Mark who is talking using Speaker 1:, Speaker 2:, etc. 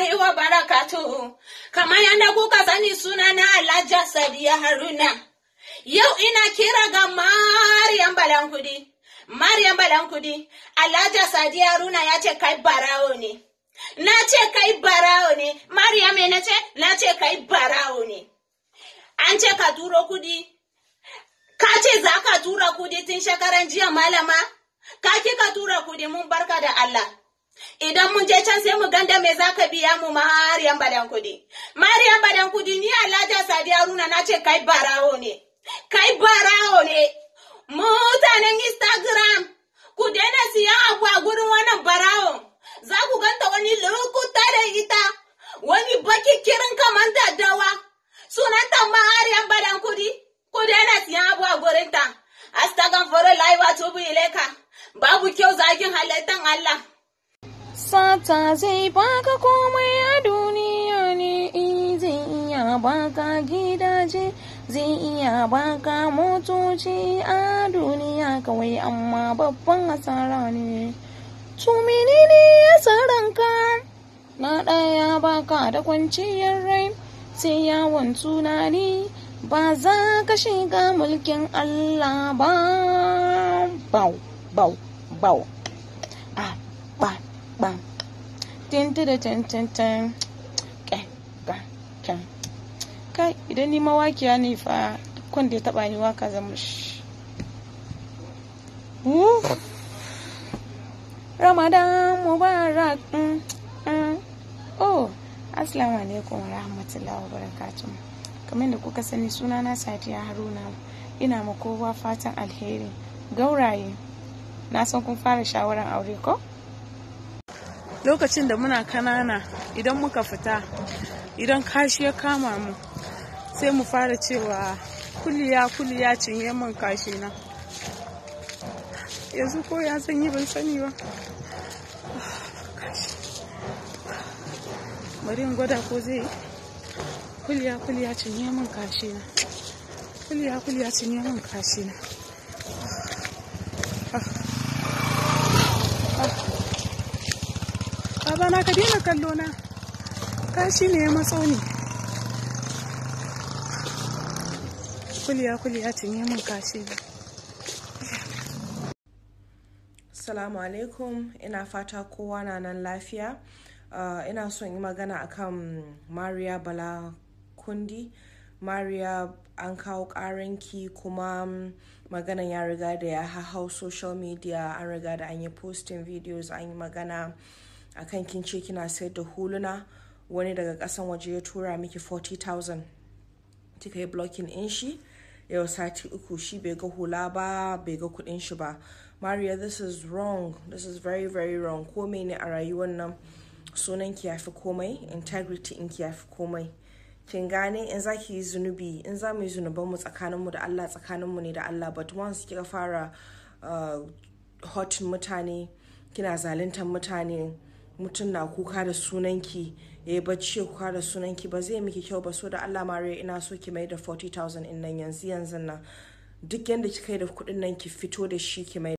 Speaker 1: lillahi wa barakatuhu. Kamar yadda kuka sani suna na Alhaji Sadiya Haruna. Yau ina kira ga Maryam Balankudi. Maryam Balankudi, Alhaji Sadiya Haruna ya ce kai barawo ne. Na ce kai barawo ne. Maryam na ce? Na ce kai barawo ne. An ce ka turo kudi. Ka ce za ka tura kudi tun shekaran jiya malama? Ka kika tura kudi mun barka da Allah. Idan mun je can sai mu ganda me za ka biya mu mariyan badan kudi. Mariyan badan kudi ni Alhaji Sadi Haruna na ce kai barawo ne. Kai barawo ne. Mutanen Instagram ku daina siya abu a gurin wannan barawo. Za ku ganta wani lokuta da ita wani baki kirin kamar daddawa. Sunanta mariyan badan kudi. Ku daina siya abu a gurinta. Astagan foro laiwa tubu ileka. Babu kyau zagin halittar Allah.
Speaker 2: sata zai baka komai a duniya ne e, zai iya baka gidaje zai iya baka motoci a duniya kawai amma babban asara ne to menene asaranka na ɗaya baka da kwanciyar rai sai yawon tunani ba za ka shiga mulkin Allah ba bau bau bau
Speaker 3: bam tin kai idan ni mawakiya ne fa dukkan da ya taba ni waka zan shi ramadan mubarak mm, mm. oh assalamu alaikum rahmatullahi wa barakatuh kamar da kuka sani suna na sadiya haruna ina ma kowa fatan alheri gauraye na san kun fara shawaran aure ko lokacin da muna kanana idan muka fita idan kashi ya kama mu sai mu fara cewa kuliya kuliya cinye min kashi na yanzu ko ya sanyi ban sani ba bari in gwada ko zai kuliya kuliya cinye min kashi na kuliya kuliya cinye min kashi na ka daina kallo na kashi ne ya matso ne kuliya kuliya yi min kashi ne
Speaker 4: salamu alaikum ina fata kowa na nan lafiya uh, ina son yi magana akan Maria Bala Kundi Maria an kawo karanki kuma maganan ya riga da ya hau social media an riga da an yi posting videos an yi magana akan kin ce kina sayar da huluna wani daga kasan waje ya tura miki 40,000 kika yi blocking in shi yau sati uku shi bai ga hula ba bai ga kudin shi ba maria this is wrong this is very very wrong komai ne a rayuwar nan sunan ki yafi komai integrity in ki yafi komai kin gane in za ki yi zunubi in za mu yi zunuban mu tsakanin mu da Allah tsakanin mu ne da Allah but once kika fara uh, hot mutane kina zaluntar mutane mutum na kuka da sunanki ya yi bacci kuka da sunanki ba zai miki kyau ba so da Allah mariya ina so ki mai da 40,000 in nan yanzu yanzu nan duk yadda kika yi da kuɗin nan ki fito da shi ki mai